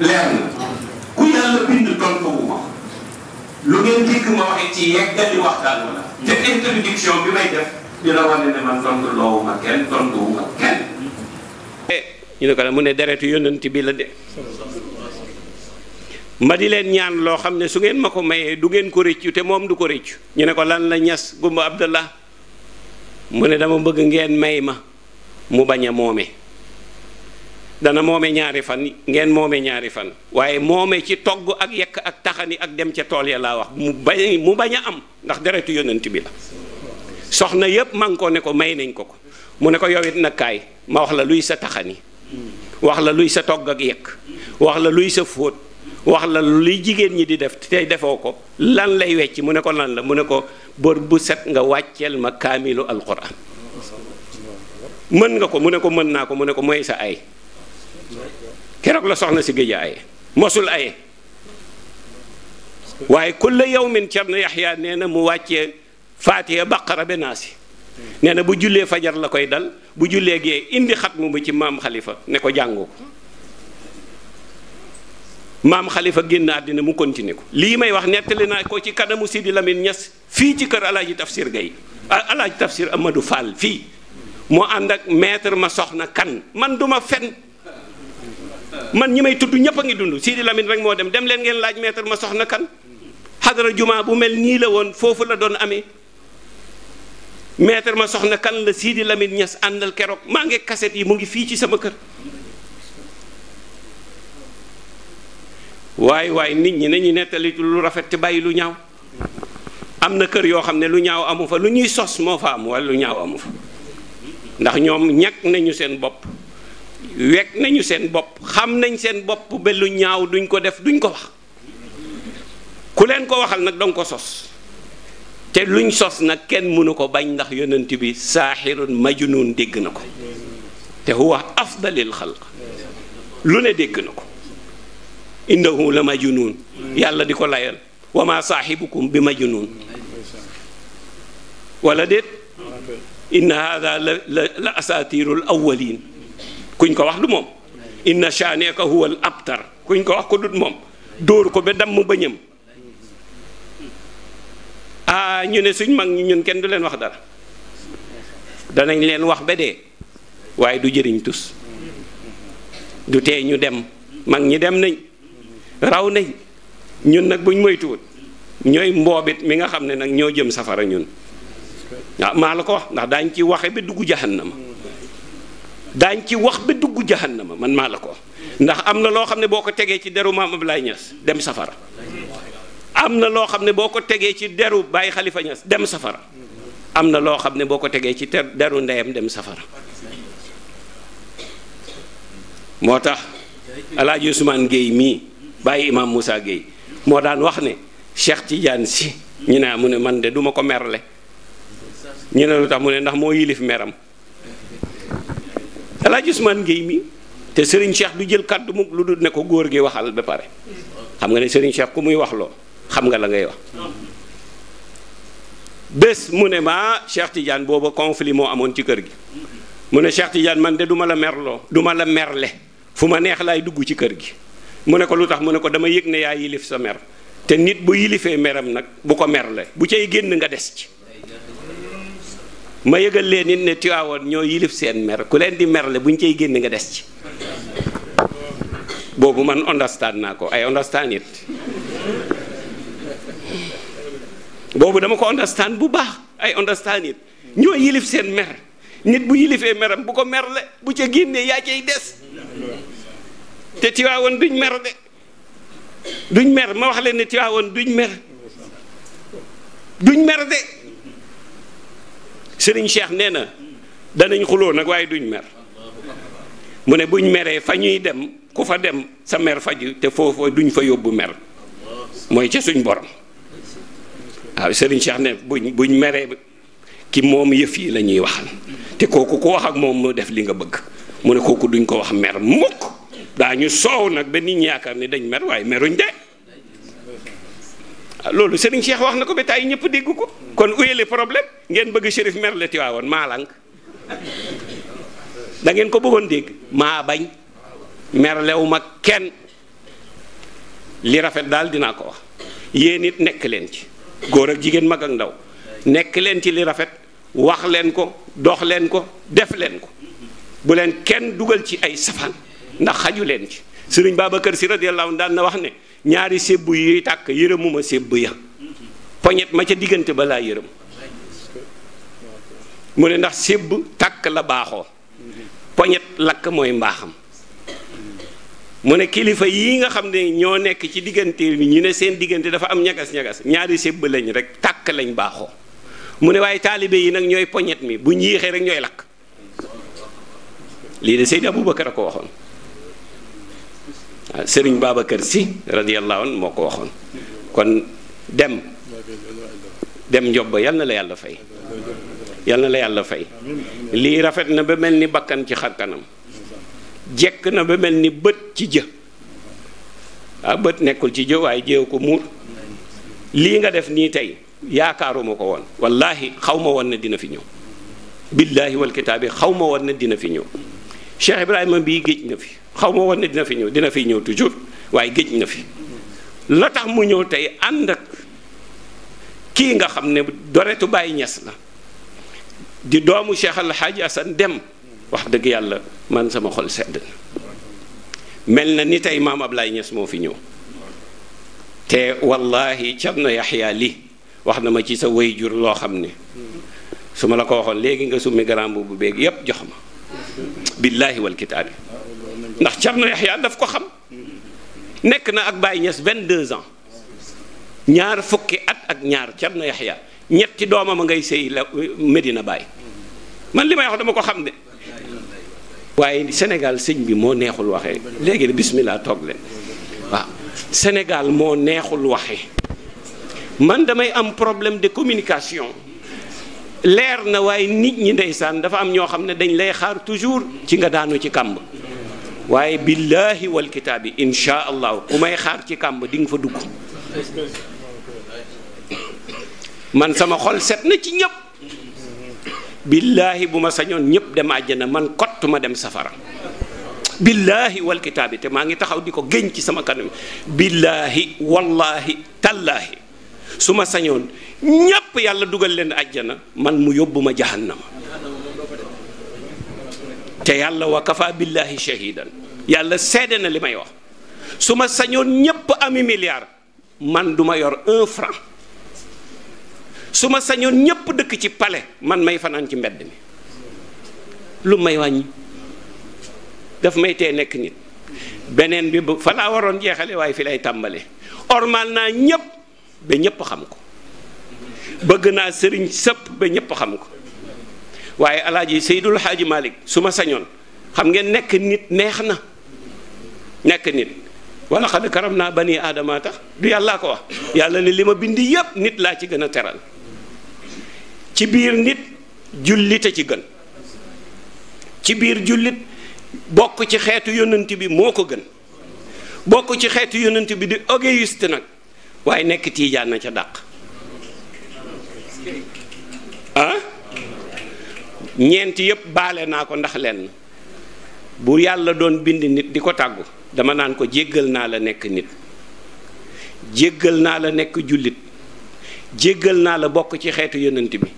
leer na ku yàlla bind tontu lu ngeen dégg ma waxee ci yeggali waxtaan wala te introduction bi may def dina wane ne man tontu loowu kenn tontu kenn. Eh, ñu ko mu ne deretu yónnent bi la de di leen ñaan loo xam ne su ngeen ma ko mayee du ngeen ko rëccu moom du ko rëccu ñu ne ko lan la ñas gumba abdallah mu ne dama bëgg ngeen may ma mu bañ a moome dana moome ñaari fan ngeen moome ñaari fan waaye moome ci togg ak yekk ak taxani ak dem ca tool ya laa wax mu bañ mu bañ a am ndax deretu yonent bi la soxna yépp man ne ko may nañ ko ko mu ne ko yow it kaay ma wax la luy sa taxani wax la luy sa togg ak yekk wax la luy sa wax la luy jigéen ñi di def tey defoo ko lan lay wecc mu ne ko lan la mu ne ko bër bu set nga wàcceel ma kaamilu alquran mën nga ko mu ne ko mën naa ko mu ne ko mooy sa ay keroog la soxna si géej aye mosul aye waaye kulla yawmin Cerno Yaxya nee na mu wàccee faatiha baqara be naa si nee na bu jullee fajar la koy dal bu jullee gee indi xatmu bi ci maam xalifa ne ko jàngu ko maam xalifa génn àddina mu continué ko lii may wax nettali naa ko ci kanamu Sidi Lamine Niass fii ci kër alaaji tafsir gay alaaji tafsir Amadou Fall fii moo ànd ak maître ma soxna kan man duma fen man ñi may tudd ñëpp a ngi dund sii di Lamine rek moo dem dem leen ngeen laaj maître ma soxna kan xadara juma bu mel nii la woon foofu la doon amee maître ma soxna kan la Sidi Lamine ñas àndal keroog maa ngi kaset yi mu ngi fii ci sama kër. waay waay nit ñi nañu nettali lu rafet te bàyyi lu ñaaw am na kër yoo xam ne lu ñaaw amu fa lu ñuy sos moo fa am wala lu ñaaw amu fa ndax ñoom ñàkk nañu seen bopp wekk nañu seen bopp xam nañ seen bopp ba lu ñaaw duñ ko def duñ ko wax ku leen ko waxal nag danga ko sos te luñ sos nag kenn mënu ko bañ ndax yonent bi saaxirun majnun dégg na ko te huwa afdalil xalq lu ne dégg na ko innahu la majnun yàlla di ko layal wa ma saaxibukum bi majnun wala déet inna hada la la asatirul awwalin kuñ ko wax du moom inna shaaneeka huwal abtar kuñ ko wax ko dut moom dóor ko ba damm bëñam ah ñu ne suñ mag ñi ñun kenn du leen wax dara danañ leen wax ba dee waaye du jëriñ tus du tee ñu dem mag ñi dem nañ raw nañ ñun nag buñ moytuwut ñooy mboobit mi nga xam ne nag ñoo jëm safara ñun waaw ah, maa la ko wax ndax daañ ci waxe ba dugg jahannama daañ ci wax ba dugg jahannama man maa la ko ndax am na loo xam ne boo ko tegee ci deru maam Ablaye Niass dem safara am na loo xam ne boo ko tegee ci deru bàyyi xalifa Niass dem safara am na loo xam ne boo ko tegee ci ter deru ndeyam dem safara moo tax alaaji Ousmane Gueye mii bàyyi imam Moussa Gueye moo daan wax ne Cheikh Tidiane si ñu ne mu ne man de duma ko merle ñu ne lu tax mu ne ndax moo yilif meram Alaaji Usmaan Géey mi te Serigne Cheikh du jël kàddu mu lu dul ne ko góor gi waxal ba pare xam nga ne Serigne Cheikh ku muy wax loo xam nga la ngay wax bés mu ne ma Cheikh Tidiane booba conflit moo amoon ci kër gi mu ne Cheikh Tidiane man de du ma la merloo du ma la merle fu ma neex laay dugg ci kër gi mu ne ko lu tax mu ne ko dama yëg ne yaa yilif sa mer te nit bu yilifee meram nag bu ko merle bu cay génn nga des ci ma yëgal leen nit ne Tiwaawoon ñoo yilif seen mer ku leen di merle bu ñu cay génn nga des ci boobu man understand naa ko ay understand it boobu dama ko understand bu baax ay understand it ñoo yilif seen mer nit bu yilifee meram bu ko merle bu ca génnee yaa cay des te Tiwaawoon duñ mer de duñ mer ma wax leen ne Tiwaawoon duñ mer duñ mer de sëriñ Cheikh nee na danañ xuloo nag waaye duñ mer mu ne buñ meree fa ñuy dem ku fa dem sa mer faj te foofa duñ fa yóbbu mer mooy ca suñ borom waaw sëriñ Cheikh ne buñ buñ meree ki moom yëf yi la ñuy waxal te kooku ko wax ak moom mu def li nga bëgg mu ne kooku duñ ko wax mer mukk daa ñu soow nag ba nit ñi yaakaar ni dañ mer waaye meruñ de Ah, loolu Serigne Cheikh wax na ko ba tey ñëpp dégg ko kon uyele problème ngeen bëgg Chérif merle Tiwaawoon maa lànk da ngeen ko bëggoon dégg maa bañ merlewu ma kenn li rafet daal dinaa ko wax yéen it nekk leen ci góor ak jigéen mag ak ndaw nekk leen ci li rafet wax leen ko dox leen ko def leen ko bu leen kenn dugal ci ay safaan ndax xaju leen ci kër si Sy radiyallahu anhu daan na wax ne ñaari sébbu yuy tàkk yërëmuma sébbu ya poñet ma ca diggante balaa yërëm mu ne ndax sébb tàkk la baaxoo poñet lakk mooy mbaaxam mu ne kilifa yii nga xam ne ñoo nekk ci diggante bi ñu ne seen diggante dafa am ñagas-ñagas ñaari sébb lañ rek tàkk lañ baaxoo mu ne waaye taalibe yi nag ñooy poñet mi bu ñiixee rek ñooy lakk lii de Seydi Aboubacar a ko waxoon sëriñ kër si radiyallahu anhu moo ko waxoon kon dem dem njobba yal na la yàlla fay yal na la yàlla fay lii rafet na ba mel ni bakkan ci kanam jekk na ba mel ni bët ci jë ah bët nekkul ci jë waaye jéew ko muur lii nga def nii tey yaakaaruma ko woon wallaahi xaw ma woon na dina fi ñëw billaahi wal kitaabi xaw ma woon na dina fi ñëw Cheikh Ibrahima bii géej na fi xaw ma woon ne dina fi ñëw dina fi ñëw toujours waaye géej na fi la tax mu ñëw tey ànd ak kii nga xam ne doretu Baye Niass la di doomu Cheikh Al Hadj Assane dem wax dëgg yàlla man sama xol sedd na mel na ni tey maam laay Niass moo fi ñëw te wallahi Thierno Yaxya li wax na ma ci sa jur loo xam ne su ma la ko waxoon léegi nga summi garambu bu beeg yépp jox ma billaahi wal kitaabi ndax Thierno Yaxya daf ko xam nekk na ak Baye Niass 22 ans ñaar fukki at ak ñaar Thierno Yaxya ñetti doomam a ngay sëy la Medina Baye man li may wax dama ko xam de waaye Sénégal sëñ bi moo neexul waxe léegi de bismillah toog leen waaw Sénégal moo neexul waxe man damay am problème de communication. leer na waaye nit ñi ndeysaan dafa am ñoo xam ne dañ lay xaar toujours ci nga daanu ci kàmb waaye billaahi wal kitaabi insha allahu ku may xaar ci kàmb di nga fa dugg man sama xol set na ci ñëpp billaahi bu ma sañoon ñëpp dem àjjana man kott ma dem safara billaahi wal kitaabi te maa ngi taxaw di ko génn ci sama kanam billaahi wallaahi tallaahi su ma sañoon ñépp yàlla dugal leen ajjana man mu yóbbu ma jahannama te yàlla wa kafa billahi shahidan yàlla seede na li may wax su ma sañoon ñépp ami milliard man du ma yor un franc su ma sañoon ñépp dëkk ci pale man may fanaan ci mbedd mi lu may wàññi daf may tee nekk nit beneen bi bu fa laa waroon jeexale waaye fi lay tàmbale ormal naa ñépp ba ñëpp xam ko bëgg naa sëriñ sëpp ba ñëpp xam ko waaye yi Seydul Xaaji Malik su ma sañoon xam ngeen nekk nit neex na nekk nit wala xad karam naa bani aadama tax du yàllaa ko wax yàlla ne li ma bind yépp nit laa ci gën a teral ci biir nit jullit a ci gën ci biir jullit bokk ci xeetu yonent bi moo ko gën bokk ci xeetu yonent bi di égoïste nag waaye nekk tiijaan na ca dàq ah ñeent yépp baale naa ko ndax lenn bu yàlla doon bind nit di ko tàggu dama naan ko jéggal naa la nekk nit jéggal naa la nekk jullit jéggal naa la bokk ci xeetu yonent bi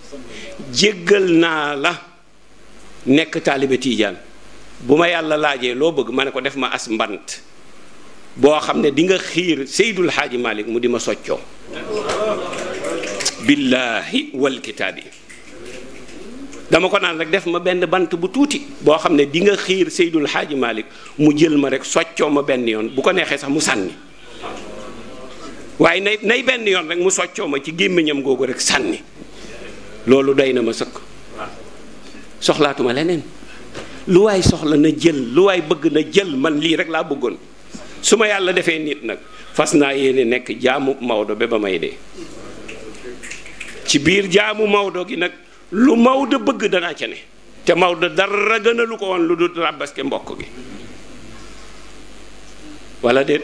jéggal naa la nekk taalibe tiijaan bu ma yàlla laajee loo bëgg ma ne ko def ma as mbant boo xam ne dinga nga xiir Seydul Xaaji Malik mu di ma soccoo billaahi wal kitaabi dama ko naan rek def ma benn bant bu tuuti boo xam ne dinga xiir Seydul Xaaji Malik mu jël ma rek soccoo ma benn yoon bu ko neexee sax mu sànni waaye nay benn yoon rek mu soccoo ma ci gémmiñam googu rek sànni loolu doy na ma sëkk soxlaatuma leneen lu waay soxla na jël lu waay bëgg na jël man lii rek laa bëggoon su ma yàlla defee nit nag fas naa yéene nekk jaamu Maodo ba ba may dee ci biir jaamu Maodo gi nag lu Maodo bëgg danaa ca ne te Maodo dara gën a lu ko woon lu dul ràbbaske mbokk gi walla déet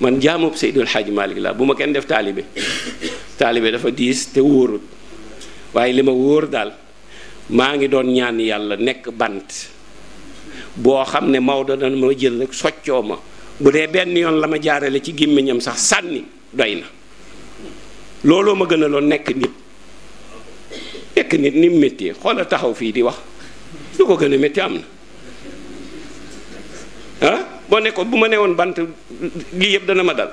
man jaamub Seydul xaj Maalik laa bu ma kenn def taalibe taalibe dafa diis te wóorut waaye li ma wóor daal maa ngi doon ñaan yàlla nekk bant boo xam ne Maodo dana ma jël rek soccoo ma bu dee benn yoon la ma jaarale ci gémmiñam sax sànni doy na looloo ma gën loon nekk nit nekk nit ni mu métti xoola taxaw fii di wax lu ko gën metti am na ah boo nekkoon bu ma nee woon bant lii yëpp dana ma dal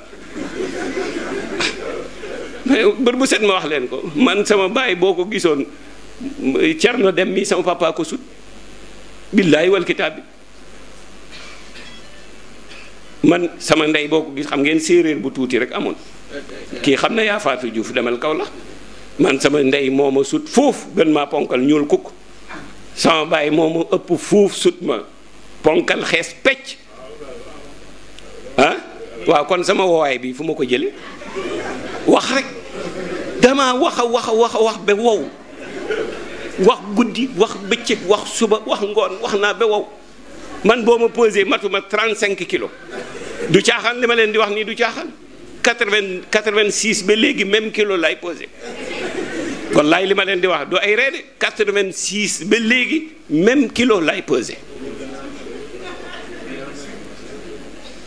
bër bu set ma wax leen ko man sama baay boo ko gisoon na dem mi sama papa ko sut billaahi wal kitaab bi man sama ndey boo ko gis xam ngeen séeréer bu tuuti rek amoon kii xam na yaa faatu juuf demal kaw la man sama ndey moo ma sut foofu gën maa ponkal ñuul kukk sama baay moo ma ëpp foofu sut ma ponkal xees pecc ah? waaw kon sama wowaay bii fu ma ko jële wax rek dama waxa waxa waxa wax ba wow wax guddi wax bëccëg wax suba wax ngoon wax naa ba wow man boo ma pesé matuma cinq kilos du caaxaan li ma leen di wax nii du caaxaan 80 86 ba léegi même kilo lay pesé wallaay li ma leen di wax du ay reede 86 ba léegi même kilo lay pesé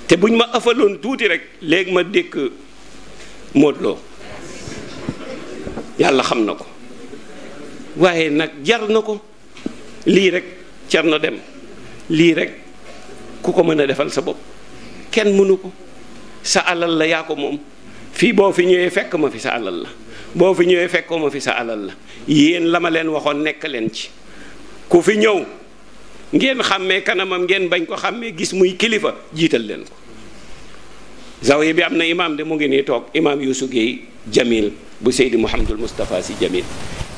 te buñ ma ëffaloon tuuti rek léegi ma dékk Modou Lo yàlla xam na ko waaye nag jar na ko lii rek car na dem lii rek ku ko mën a defal sa bopp kenn mënu ko sa alal la yaa ko moom fii boo fi ñëwee fekk ma fi sa àllal la boo fi ñëwee fekkoo ma fi sa alal la yéen la ma leen waxoon nekk leen ci ku fi ñëw ngeen xàmmee kanamam ngeen bañ ko xàmmee gis muy kilifa jiital leen ko zawiya bi am na imaam de mu ngi nii toog imaam Yuusu Géey Jamil bu Seydi Mouhamadul Moustapha Sy Jamil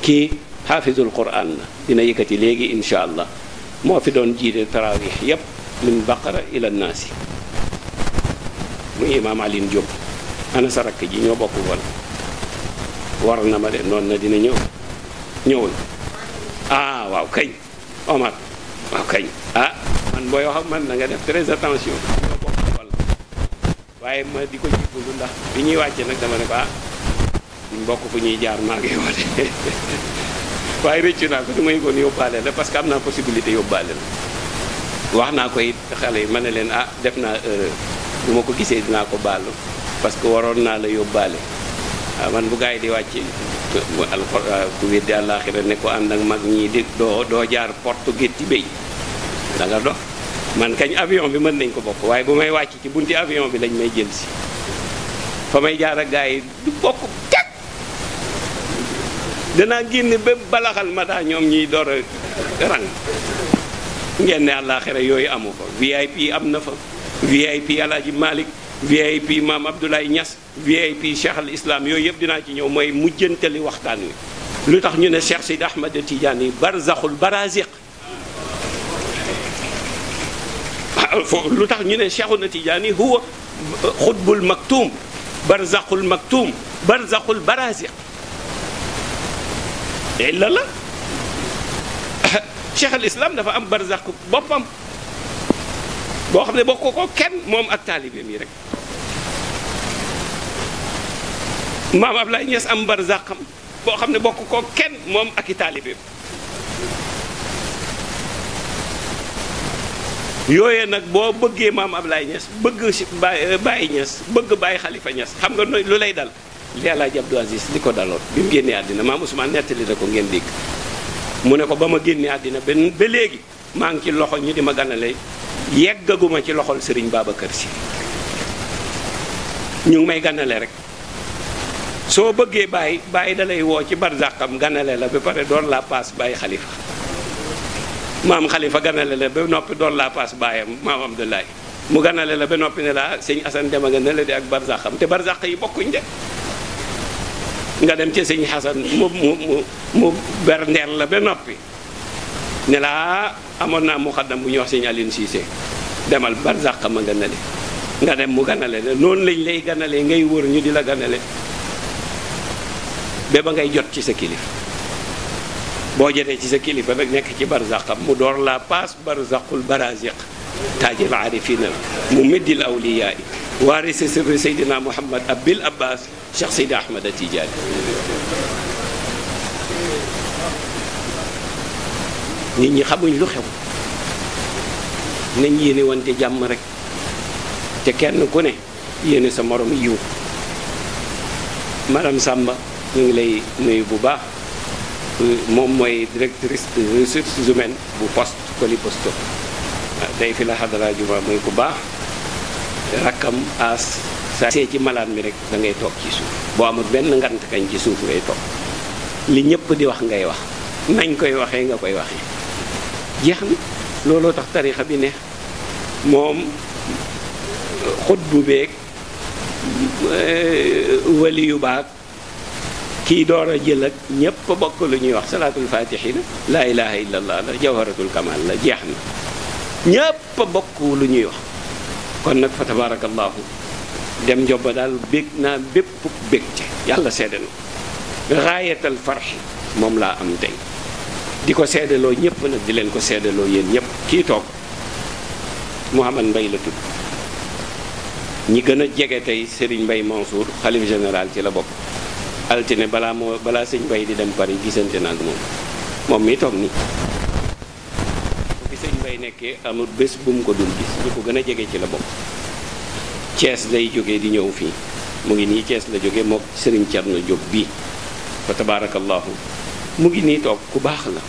kii xaafisul quran la dina yëkkati léegi incha allah moo fi doon jiite tarawih yépp min baqara ila naasi mu imaam Alioune Diop ana sa rakk ji ñoo bokk woon war na ma de dina ñëw ñëwul ah, waaw kañ Omar ah, man booy man na nga def très waaye ma di ko jiblu ndax bi ñuy wàcce nag dama ne ko ah duñ bokk fu ñuy jaar maa ngi woote waaye rëccu naa ko du may koon yóbbaale la parce que am naa possibilité yóbbaale la wax naa ko it xale yi ma ne leen ah def naa bu ma ko gisee dinaa ko baalu parce que waroon naa la yóbbaale waaw ah, man bu gars yi di wàcc alxuraan ku wéddi àllaaxira ne ko ànd ak mag ñii di doo doo jaar portugais ci béy da nga dox man kañ avion bi mën nañ ko bokk waaye bu may wàcc ci bunti avion bi lañ may jël ci fa may jaar ak gars du bokk danaa génn ba balaxal ma ñoom ñuy door a rang ngeen ne yooyu amu fa VIP am na fa VIP Alaaji Malick VIP Maam Abdoulaye ñas VIP Cheikh al Islam yooyu yëpp dinaa ci ñëw mooy mujjantali waxtaan wi lu tax ñu ne Cheikh Sidi Ahmed Tidiane yi barzaxul baraziq foofu lu tax ñu ne Cheikhuna Tidiane huwa xutbul maktum barzaxul maktum barzaxul baraziq illa la cheikh dafa am barzax boppam boo xam ne bokk koo kenn moom ak taalibeem yi rek maam Ablaye Niass am barzaxam boo xam ne bokk ko kenn moom ak i taalibeem yooyee nag boo bëggee maam Ablaye Niass bëgg Baye Niass bëgg bàyyi Khalifa Niass xam nga lu lay dal li jab Abdou Aziz li ko daloon bi mu génnee àddina maam Ousmane nettali na ko ngeen dégg mu ne ko ba ma génnee àddina benn ba léegi maa ngi ci loxo ñu di ma ganale yeggaguma ci loxol Serigne Babacar Sy ñu ngi may ganale rek soo bëggee bàyyi bàyyi dalay woo ci barzakam ganale la ba pare doon laa paas bàyyi xalifa maam xalifa ganale la ba noppi doon laa paas bàyyam maam Abdoulaye mu ganale la ba noppi ne laa ah, sëñ Assane dema nga ne la di ak barzakam te yi bokkuñ de nga dem ca sëñ xasan mu mu mu berndeel la ba noppi ne laa ah, amoon naa muqaddam bu ñuy wax sëñ Aline demal demal barzaq ma ganale nga dem mu ganale la noonu lañ lay ganale ngay wër ñu di la ganale ba ba ngay jot ci sa kilifa boo jotee ci sa kilifa nag nekk ci barzaqam mu door la paas barzaqul baraziq taajil aarifina mu middil awliyaa yi waarisi sirri seydina muhammad abil abbas Cheikh Seydi Ahmed Tidiane nit ñi xamuñ lu xew nañ yéene wante jàmm rek te kenn ku ne yéene sa moroom yiw madame sàmba ñu ngi lay nuyu bu baax moom mooy directrice des ressources humaines bu poste Coliposto tey fi la xadara juma mooy baax rakkam aas saa see ci malaan mi rek da ngay toog ci suuf boo amul benn ngant kañ ci suuf ngay toog li ñëpp di wax ngay wax nañ koy waxee nga koy waxee jeex na looloo tax tarixa bi ne moom xut bu beeg euh, wali yu baag kii door a jël ak ñépp bokk lu ñuy wax salaatul faatixi la laa ilaha illallah la la jeex na ñépp bokk lu ñuy wax kon nag fa tabarakallahu dem njoba daal bég naa bépp bég ci yàlla seede na raayatal farxi moom laa am tey di ko seedaloo ñëpp nag di leen ko seddaloo yéen ñëpp kii toog Mouhamad Mbaye la tudd ñi gën a jege tey Serigne mbay Mansour xalif général ci la bopp altine balaa moo balaa sëñ Mbaye di dem Paris gisante naa ak moom moom mi toog nii bu fi sëñ mbay nekkee amul bés bu mu ko dul gis ñu ko gën a jege ci la bokk Cees lay jóge di ñëw fii mu ngi nii Cees la jógee mook Serigne Thierno jóg bii fa tabaarakallaahu mu ngi nii toog ku baax la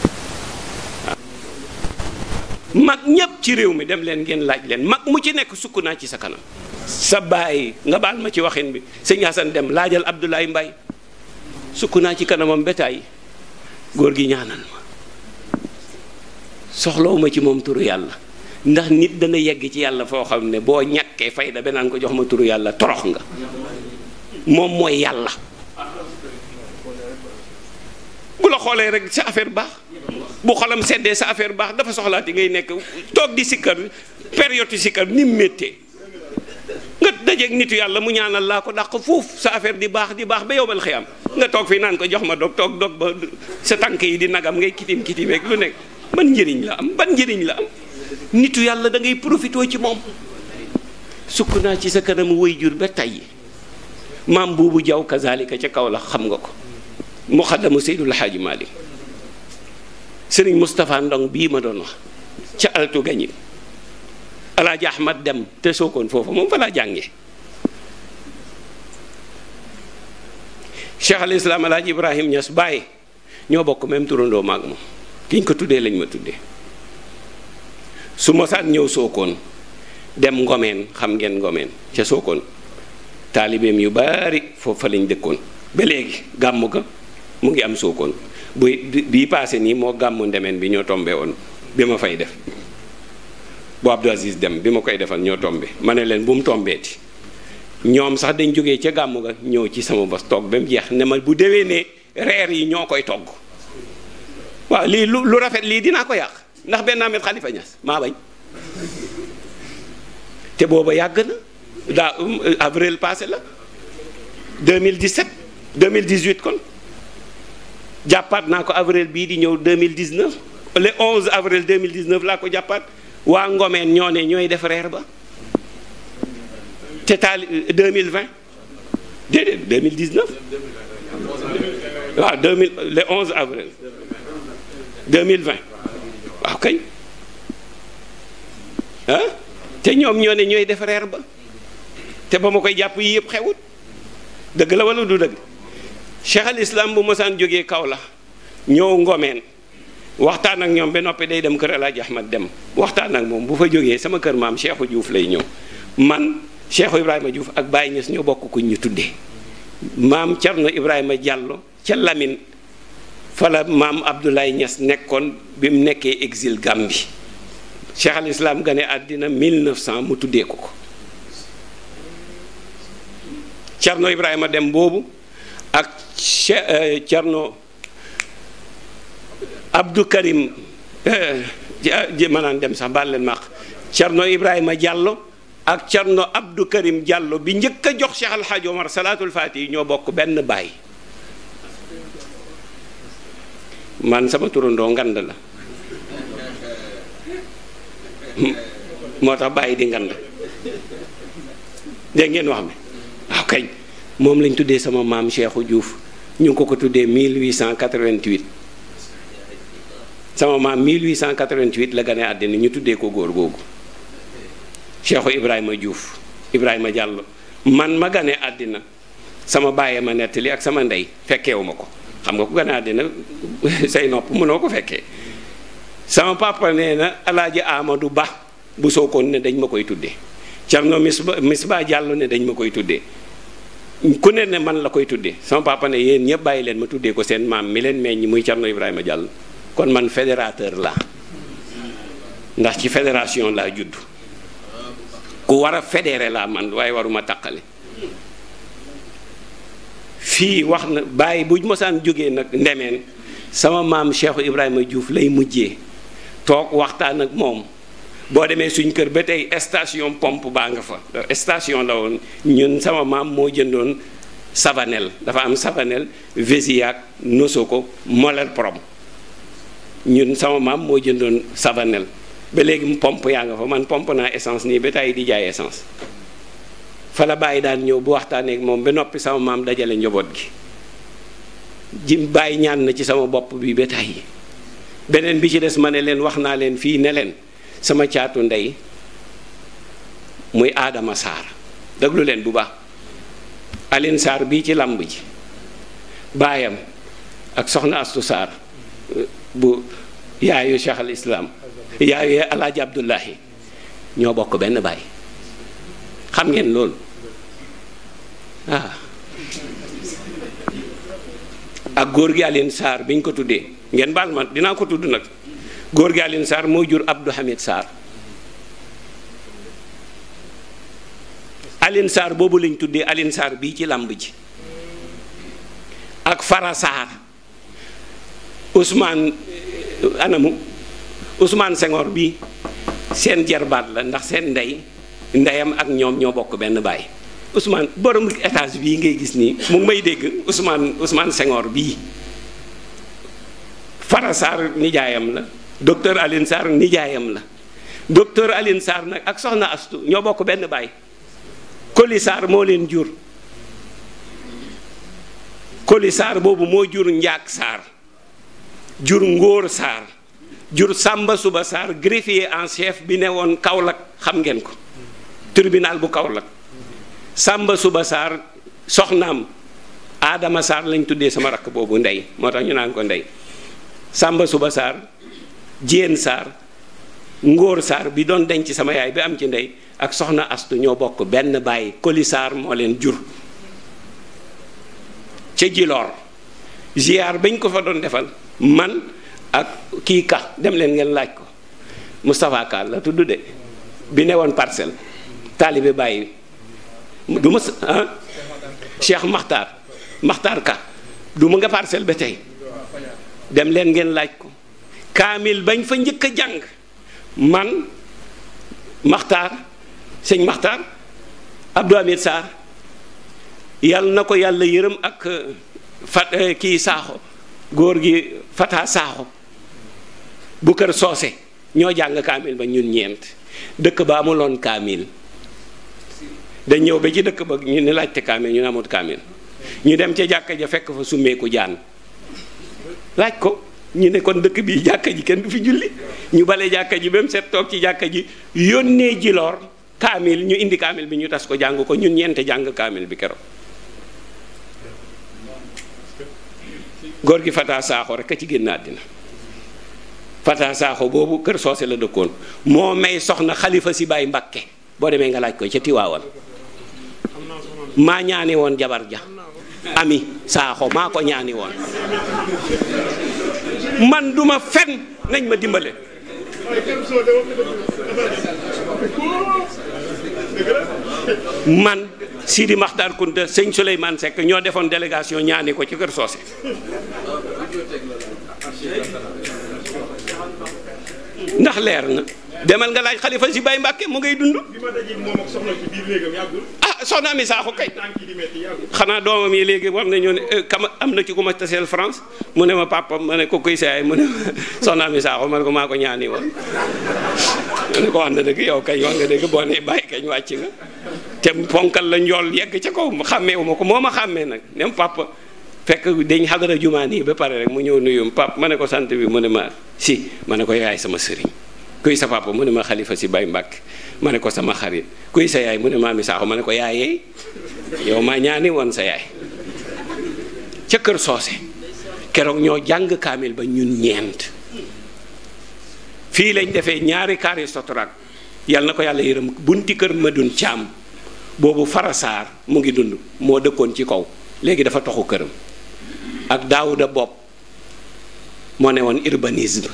mag ñépp ci réew mi dem leen ngeen laaj leen mag mu ci nekk sukk naa ci sa kanam sa baay nga baal ma ci waxin bi sëñ Hassan dem laajal Abdoulaye mbay sukk naa ci kanamam bétaay góor gi ñaanal ma soxlawuma ci moom turu yàlla ndax nit dana yegg ci yàlla foo xam ne boo ñàkkee fayda benaan ko jox ma turu yàlla torox nga moom mooy yàlla bu la xoolee rek sa affaire baax bu xolam seddee sa affaire baax dafa soxlaati ngay nekk toog di sikkar période sikkar ni mettee nga dajeeg nitu yàlla mu ñaanal laa ko ko foofu sa affaire di baax di baax ba yow bal xiyam nga toog fii naan ko jox ma dog toog dog ba sa tànk yi di nagam ngay kitim kitimeeg lu nekk ban njëriñ la am ban njëriñ la am nitu yàlla da ngay profitoo ci moom sukk naa ci sa kanam kanamu jur ba tey maam buubu jaw kazalika ca kaw la xam nga ko muxaddamu seydul xaaji maalik sëriñ Moustapha Ndong bii ma doon wax ca altu gañi alaaji ahmad dem te sookoon foofu moom fa laa jànge cheikh al islam alaaji ibrahim ñas bàyyi ñoo bokk même turandoo maag moom ki ko tuddee lañ ma tuddee su mosaan ñëw sookoon dem ngomeen xam ngeen ngomeen ca sookoon taalibeem yu baari foofu fa lañ dëkkoon ba léegi gàmm ga mu ngi am sookoon bu bii paase nii moo gàmmu ndemeen bi ñoo tombee woon bi ma fay def bu Abdou Aziz dem bi ma koy defal ñoo tombe ma ne leen bu mu tombeeti ñoom sax dañ jógee ca gàmm ga ñëw ci sama bos toog ba mu jeex ne ma bu déwénee reer yi ñoo koy togg waaw lii lu lu rafet lii dinaa ko yàq ndax benn Ahmed Khalifa Niass maa bañ te booba yàgg na daa avril passé la mille dix 2017 2018 kon jàppaat naa ko avril bii di ñëw mille 2019 le 11 avril 2019 laa ko jàppaat waa Ngomeen ñoo ne ñooy def reer ba te mille 2020 déedéet 2019 waaw 2000 le 11 avril 2020. waaw ah, kay ah te ñoom ñoo ne ñooy defareer ba te ba ma koy jàpp yi yëpp xewut dëgg la wala du dëgg cheikh al bu mosaan jógee kaw la ñëw ngomeen waxtaan ak ñoom ba noppi day dem kër El Hadj Ahmad dem waxtaan ak moom bu fa jógee sama kër maam Cheikhu Diouf lay ñëw man Cheikhu Ibrahima Diouf ak Baye Niass ñoo bokk ku ñu tuddee maam Thierno Ibrahima Diallo ca Lamine fa maam Abdoulaye Niass nekkoon bi mu nekkee exil Gambie Cheikh al Islam gane àddina mil 1900 mu tuddee ko ko Cerno Ibrahima Dem boobu ak Cerno euh, abdu Karim euh, manaan dem sax baal leen ma Ibrahima Diallo ak Cerno Abdou Karim Diallo bi njëkk a jox Cheikh Al Hadj Omar salaatul faati yi ñoo bokk benn baay. man sama turandoo ngand la moo tax bàyyi di ngand dégg ngeen wax mi waaw kañ moom lañ tuddee sama maam Cheikhou Diouf ñu ngi ko ko tuddee mille 1888 sama maam mille 1888 la gane àddina ñu tuddee ko góor googu Cheikhou Ibrahima juuf Ibrahima Diallo man ma gane àddina sama bàyyee ma nettali ak sama ndey fekkeewu ma ko xam nga ku gane àddina say nopp mënoo ko fekkee sama papa nee na alaaji Amadou Ba bu Sokone ne dañ ma koy tuddee Thierno Misba Misba Diallo ne dañ ma koy tuddee ku ne ne man la koy tuddee sama papa ne yéen ñëpp bàyyi leen ma tuddee ko seen maam mi leen meññ muy Thierno Ibrahima jàll kon man fédérateur la ndax ci fédération laa juddu ku war a fédéré laa man waaye waruma taqale fii wax na bàyyi bu mosaan jógee nag ndemeen sama maam Cheikh Ibrahima Diouf lay mujjee toog waxtaan ak moom boo demee suñ kër ba tey station pomp baa nga fa station la woon ñun sama maam moo jëndoon savanel dafa am savanel ko Nosoko Molerprom ñun sama maam moo jëndoon savanel ba léegi pompe yaa nga fa man pompe naa essence nii ba tey di jaay essence fa la bàyyi daan ñëw bu waxtaanee moom ba noppi sama maam dajale njaboot gi jim bàyyi ñaan na ci sama bopp bi ba tey beneen bi ci des ma ne leen wax naa leen fii ne leen sama caatu ndey muy aadama Sarr déglu leen bu baax Aline saar bii ci làmb ji baayam ak soxna Astu Sarr bu yaayu Cheikh al Islam yaayu Alaaji Abdullahi ñoo bokk benn baay xam ngeen loolu waaw ah. ak góor gi Alioune Sarr bi ko tuddee ngeen baal ma dinaa ko tudd nag góor gi Alioune Sarr moo jur Abdou Hamid saar Alioune saar boobu lañ tuddee alin saar bii ci làmb ji ak Fara Sarr Ousmane anamu Ousmane Senghor bi seen jarbaat la ndax seen ndey ndeyam ak ñoom ñoo bokk benn baay. Ousmane borom étage bii ngay gis nii mu may dégg Ousmane Ousmane Senghor bii Fara Sarr nijaayam la docteur alin Sarr nijaayam la docteur Alioune Sarr nag ak soxna Astu ñoo bokk benn baay Koli Sarr moo leen jur Koli Sarr boobu moo jur Njaak saar jur Ngóor Sarr jur sàmba Suba saar greffier en chef bi ne woon Kaolack xam ngeen ko tribunal bu Kaolack Samba Suba Sarr soxnaam aadama Sarr lañ tuddee sama rakk boobu ndey moo tax ñu naan ko ndey Samba Suba Sarr Jéen Sarr Ngóor saar bi doon denc sama yaay bi am ci ndey ak soxna Astu ñoo bokk benn bàyyi Koli Sarr moo leen jur ca Jiloor ziar bañ ko fa doon defal man ak kii ka dem leen ngeen laaj ko Moustapha Ka la tudd de bi ne woon parcelle taalibe bàyyi du ma ah Cheikh Ka du ma nga parcelle ba tey dem leen ngeen laaj ko kaamil bañ fa njëkk a jàng man Makhtar sëñ Makhtar Abdou Hamid Sarr yàlla na ko yàlla yërëm ak eh, fat eh, kii saaxo góor gi Fata Saaxo bu kër soose ñoo jàng kaamil ba ñun ñeent dëkk ba amuloon kaamil dañ ñëw ba ci dëkk ba ñu ni laajte kaamil ñu ne amut kaamil ñu dem ca jàkka ja fekk fa summeeku jaan laaj ko ñu ne kon dëkk bi jàkka ji kenn du fi julli ñu bale jàkka ji ba mu set toog ci jàkka ji yónnee jiloor kaamil ñu indi kaamil bi ñu tas ko jàng ko ñu ñeente jàng kaamil bi keroog góor gi Fata Saaxo rek a ci génn àddina Fata Saaxo boobu kër soose la dëkkoon moo may soxna xalifa si Baay Mbàkke boo demee nga laaj ko ca tiwaawal maa ñaani woon jabar ja ami saaxo maa ko ñaani woon man duma fen nañ ma dimbale man Sidi Makhtar Kounta sëñ Souleymane Seck ñoo defoon délégation ñaani ko ci kër Socé ndax leer na demal nga laaj xalifa si Baye Mbàkke mu ngay dund soxna Ami Sakho kay xanaa doomam yi léegi war nañoo ne euh, kama am na ci ku ma taseel France mu ne ma papa ma ne ko kuy saay mu ne ma soxna Ami Sakho ma ne ko maa ko ñaani woon ma ne yow kañ wax nga dëgg boo nee bàyyi ponkal la njool yegg ca kaw xàmmee wu ma ko moo ma xàmmee nag nem papa fekk dañ xadara jumaa nii ba pare rek mu ñëw nuyum pap ma ne ko sant bi mu ne ma si ma ne ko yaay sama sëriñ kuy sa papa mu ne ma xalifa si bay Mbacke ma ne ko sama xarit kuy sa yaay mu ne maami saaxo ma ne ko yaayee yow ma ñaani woon sa yaay ca kër soose keroog ñoo jàng kaamil ba ñun ñeent fii lañ defee ñaari kaari sotorak yal na ko yàlla yërëm bunti kër ma Madun Caam boobu farasaar mu ngi dund moo dëkkoon ci kaw léegi dafa toxu këram ak Daawuda Bopp moo ne woon urbanisme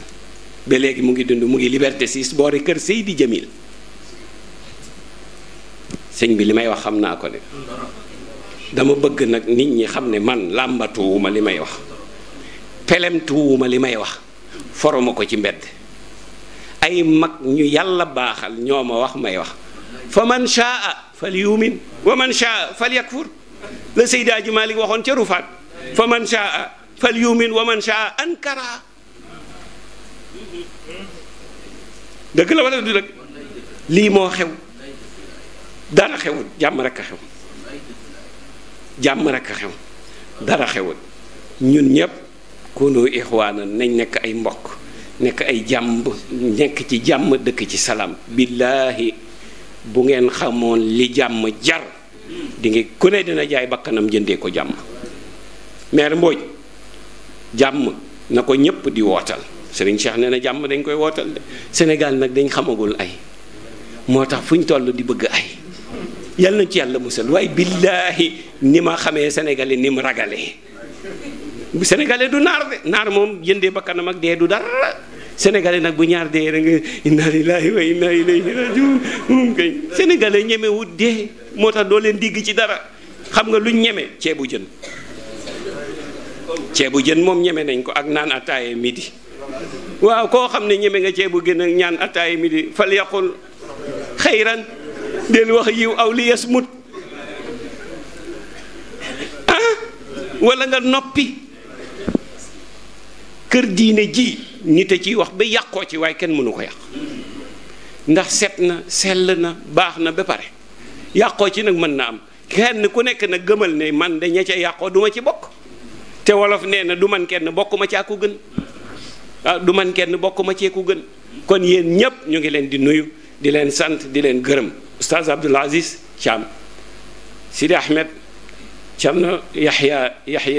ba léegi mu ngi dund mu ngi liberté 6 boori kër Seydi Jamil sëñ bi li may wax xam naa ko de dama bëgg nag nit ñi xam ne man làmbatuwuma li may wax pelemtuwuma li may wax foroma ko ci mbedd ay mag ñu yàlla baaxal ñoo ma wax may wax fa man shaa fal yumin wa man shaa fal yakfur la Seydi Aji waxoon ca rufaat fa man shaa fal yumin wa man shaa ankara dëgg la wala du dëgg lii moo xew dara xewut jàmm rek a xew jàmm rek a xew dara xewut ñun ñëpp koonoo ixwaana nañ nekk ay mbokk nekk ay jàmm nekk ci jàmm dëkk ci salaam billaahi bu ngeen xamoon li jàmm jar di ngi ku ne dina jaay bakkanam jëndee ko jàmm meer mbooj jàmm na ko ñépp di wootal Serigne Cheikh nee na jàmm dañ koy wootal de nag dañ xamagul ay moo tax fu ñu toll di bëgg ay yàlla nañ ci yàlla musal waaye billaahi ni ma xamee sénégalais ni mu ragalee sénégalais du naar de naar moom jëndee bakkanam ak dee du dara sénégalais nag bu ñaar dee rek nga inna lillahi wa inna ilayhi rajiun moom kay sénégalais ñeme wut moo tax doo leen digg ci dara xam nga luñ ñeme ceebu jën ceebu jën moom ñeme nañ ko ak naan ataaye midi waaw koo xam ne ñeme nga ceebu gën ak ñaan ataaye midi fal yaqul del wax yiw aw li yes mut ah wala nga noppi kër diine ji nit a ciy wax ba yàqoo ci waaye kenn mënu ko yàq ndax set na sell na baax na ba pare yàqoo ci nag mën na am kenn ku nekk na gëmal ne man de ña yàqoo duma ci bokk te wolof nee na du man kenn bokkuma caa ku gën ah du man kenn bokkuma cee ku gën kon yéen ñépp ñu ngi leen di nuyu di leen sant di leen gërëm oustaz Abdoul Aziz Thiam Sidi Ahmed Thiam na Yaxya Yaxya